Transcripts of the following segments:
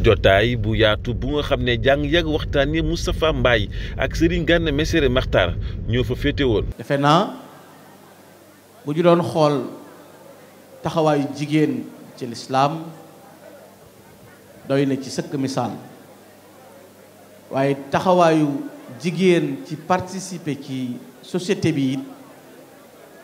jotay bu yaatu bu nga xamne jang jàng waxtani waxtaanee Mbaye ak Serigne gann Messere Makhtar ñoo fa fété won defé na bu ju doon xol taxaway jigen ci l'islam doyna ci sekk misal waye taxawayu jigen ci participer ci société bi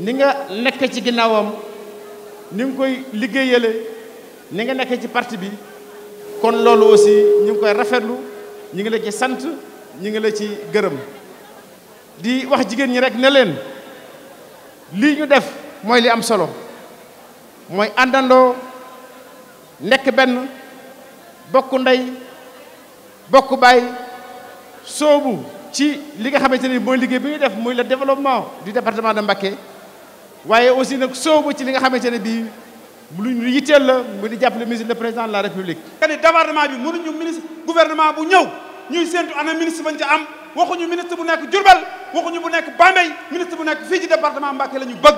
ni nga nekk ci ginnaawam ni nga koy liggéeyale ni nga nekk ci parti bi kon loolu aussi ñu ngi koy rafetlu ñu ngi la ci sant ñu ngi la ci gërëm di wax jigéen ñi rek ne leen lii ñu def mooy li am solo mooy àndandoo nekk benn bokk ndey bokk baay soobu ci li nga xamante ni mooy liggéey bi ñu def muy le développement di département de Mbacké waaye aussi nag soobu ci li nga xamante ne bii luñ lu yitteel la mu di jàppale ministre le président de la république. kani département bi mënuñu ministre gouvernement bu ñëw ñuy séntu ana ministre bañ ca am waxuñu ministre bu nekk Diourbel waxuñu bu nekk Bambey ministre bu nekk fii ci département Mbacké la ñu bëgg.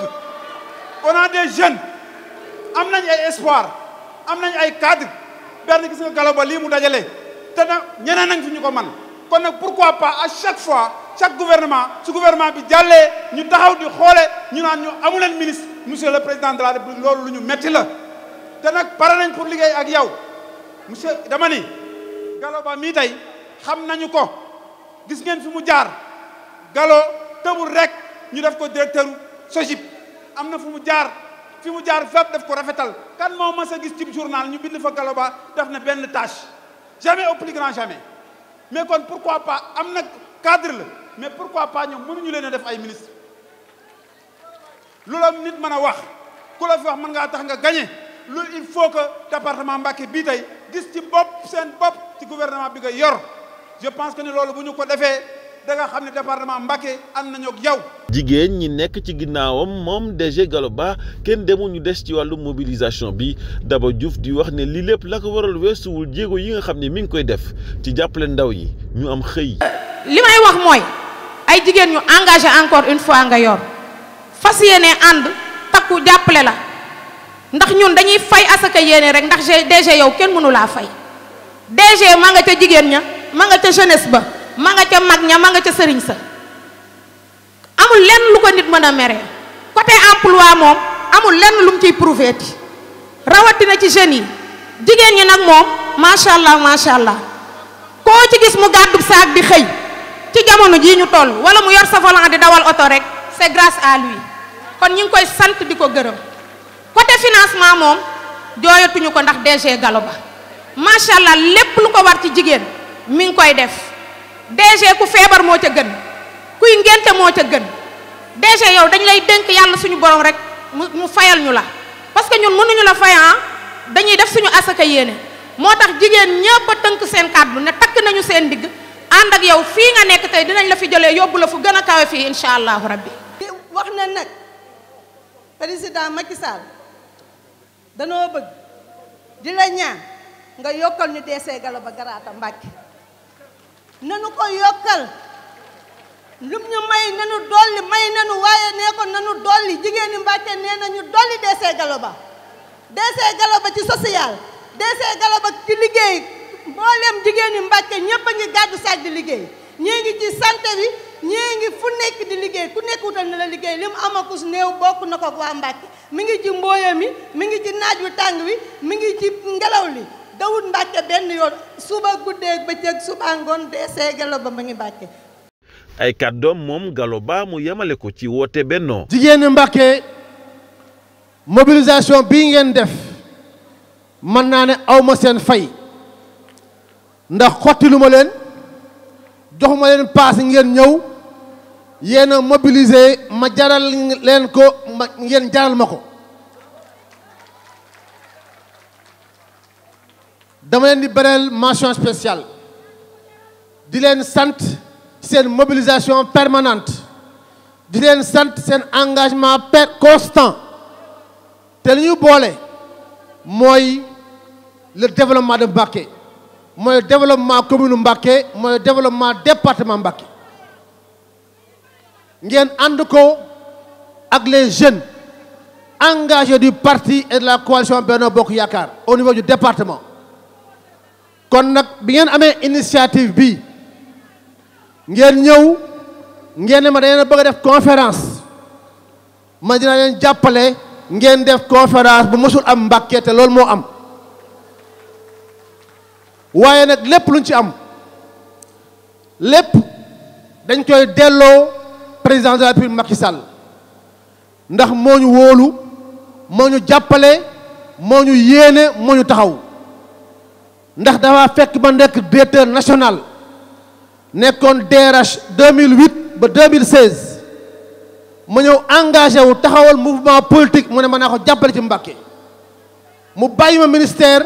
on a des jeunes am nañ ay espoir am nañ ay cadre benn gis nga galo ba lii mu dajale te nag ñeneen nañ fi ñu ko man kon nag pourquoi pas à chaque fois. chaque gouvernement su gouvernement bi jàllee ñu taxaw di xoole ñu naan ñu amuleen ministre monsieur le président de la république loolu ñu metti la te nag pare nañ pour liggéey ak yow monsieur dama ni Ba mii tey xam nañu ko gis ngeen fi mu jaar galo tëbul rek ñu def ko directeur SOGIP am na fu mu jaar fi mu jaar fépp def ko rafetal kan moo mës a gis ci journal ñu bind fa Gallo Ba def na benn tache jamais au plus jamais mais kon pourquoi pas am na cadre la mais pourquoi pas mënu ñu leen def ay ministre lu la nit mëna wax ku la fi wax man nga tax nga gagner lu il faut que département Mbacké bi tay gis ci bop sen bop ci gouvernement bi nga yor je pense que ni loolu buñu ko défé da nga xamné département Mbacké ànd nañu ak yow. jigéen ñi nekk ci ginnaawam moom DG Galoba kenn demul ñu des ci wàllu mobilisation bi Daba Diouf di wax ne li lépp la ko waral weesuwul jéego yi nga xam ne mi ngi koy def ci jàppale ndaw yi ñu am xëy. li may wax mooy ay jigéen ñu engagé encore une fois nga yor fas and ànd takku jàppale la ndax ñun dañuy fay asaka yéene rek ndax DG yow kenn mënu la fay DG ma nga ca jigéen ña ma nga ca jeunesse ba ma nga ca mag ña ma nga ca sëriñ sa amul lenn lu ko nit mëna méré côté emploi mom amul lenn lu mu ciy prouvé rawati na ci jeune yi jigéen ñi nak mom machallah machallah ko ci gis mu gàddu saak di xey ci jamono ji ñu toll wala mu yor sa volant di dawal auto rek c'est grâce à lui kon ñing koy sante di gëreum côté financement mom jooyatuñu ko ndax DG Galoba machallah lepp lu ko war ci jigen mi ngi koy def DG ku febar mo ca gën ku ngenté mo ca gën DG yow dañ lay dënk yalla suñu borom rek mu fayal ñu la parce que ñun mënuñu la fay ah, dañuy def suñu asaka yene motax jigen ñepp ñëpp a tënk seen kàddu ne tak nañu seen digg andak yow fi nga nek tay dinañ la fi jole yóbbu la fu gëna a fi inshallah rabbi wax na nag président Macky Sall danoo bëgg di la ñaan nga yokal ñu deesee gala ba garata Mbàkke nanu ko yokal lum ñu may nanu doli may nanu waaye ne ko nanu dolli jigéeni Mbàkke né nañu doli deesee galo ba deesee galo ba ci social deesee galo ba ci liggéey mboolem jigéen ñi Mbàkke ñëpp a ngi gàddu saaj di liggéey ñii ngi ci santé bi ñii ngi fu nekk di liggéey ku nekk wutal na la liggéey li mu am kus néew bokk na ko ak waa Mbàkke mi ngi ci mbooya mi mi ngi ci naaj wi tàng wi mi ngi ci ngelaw li dawut Mbàkke benn yoon suba guddee bëccëg suba ngoon deesee gelo ba ma ngi Mbàkke ay kàddoom moom Gallo Ba mu yemale ko ci woote bennoo jigéeni Mbàkke mobilisation bii ngeen def mën naa ne awma seen fay ndax xotti lu ma leen jox ma leen paas ngeen ñëw yéen a mobiliser ma jaral leen ko ma ngeen jaral ma ko dama leen di bereel mention spéciale di leen sant seen mobilisation permanente di leen sant seen engagement per constant te li ñu boole mooy le développement de Mbacké mooy développement commune Mbacké mooy développement département Mbacké ngien and ko ak les jeunes engagés du parti et de la coalition Berno Bokk Yakar au niveau du département kon nak bi ngien amé initiative bi ngien ñew ngien ma dañu bëgg def conférence ma dina leen jappalé ngien def conférence bu mësul am Mbacké té lool mo am waaye nag lépp luñ ci am lépp dañ koy delloo président de la ndax moo ñu wóolu moo ñu jàppale moo ñu yéene moo ñu taxaw ndax dafa fekk ba nekk directeur national nekkoon DRH 2008 ba 2016 ma ñëw engagé wu taxawal mouvement politique mu ne mën naa ko jàppale ci Mbàkke mu bàyyi ma ministère.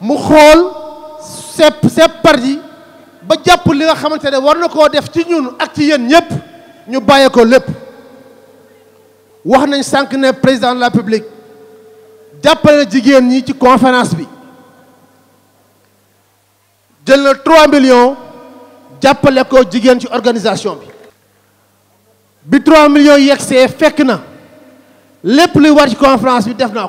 mu xool sepp seppar ji ba jàpp li nga xamante ne war na koo def ci ñun ak ci yéen ñëpp ñu bàyyee ko lépp wax nañ sànq ne président de la République jàppale na ni ñi ci conférence bi jël na 3 millions jàppale ko jigéen ci organisation bi bi 3 millions yegsee fekk na lépp luy war ci conférence bi def naa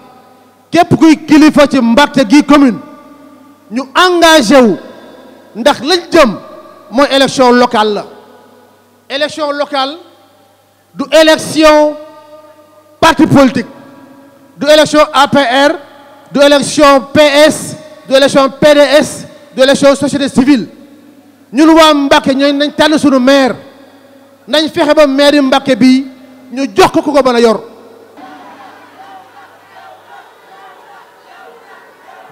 képp kuy kilifa ci faire gi commune ñu engagé wu ndax lañ jëm mooy élection locale la élection locale du élection parti politique du élection APR du élection PS du élection PDS de élection société civile Nous waa Mbacke nous nañ tànn suñu maire nañ fexe ba maire yi Mbacke bii ñu jox ko ko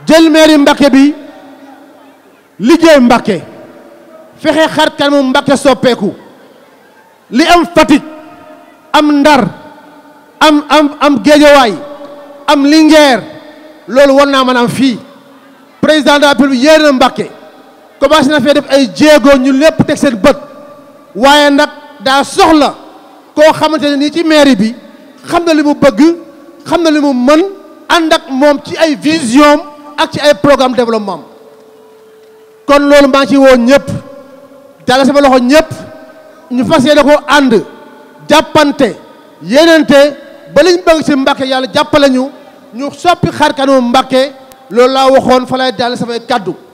jël maire Mbacké bi liggéey Mbacké fexe xar kan mo Mbacké soppeeku li am fatik am Ndar am am am Guédiawaye am Linguère lolou war naa mën am président da la République yéen a Mbacké commencé na fé def ay djégo ñu lépp tek sen bët waye nak da soxla ko xamante ni ci maire bi xamna limu bëgg xamna limu mën andak mom ci ay vision ak ci ay programme développement kon loolu maa ci woon ñëpp dala sama loxo ñëpp ñu fas yéene ko ànd jàppante yéenante ba liñ bëgg ci Mbàkke yàlla jàppale ñu ñu soppi xar kanamu loolu laa waxoon fa lay samay kàddu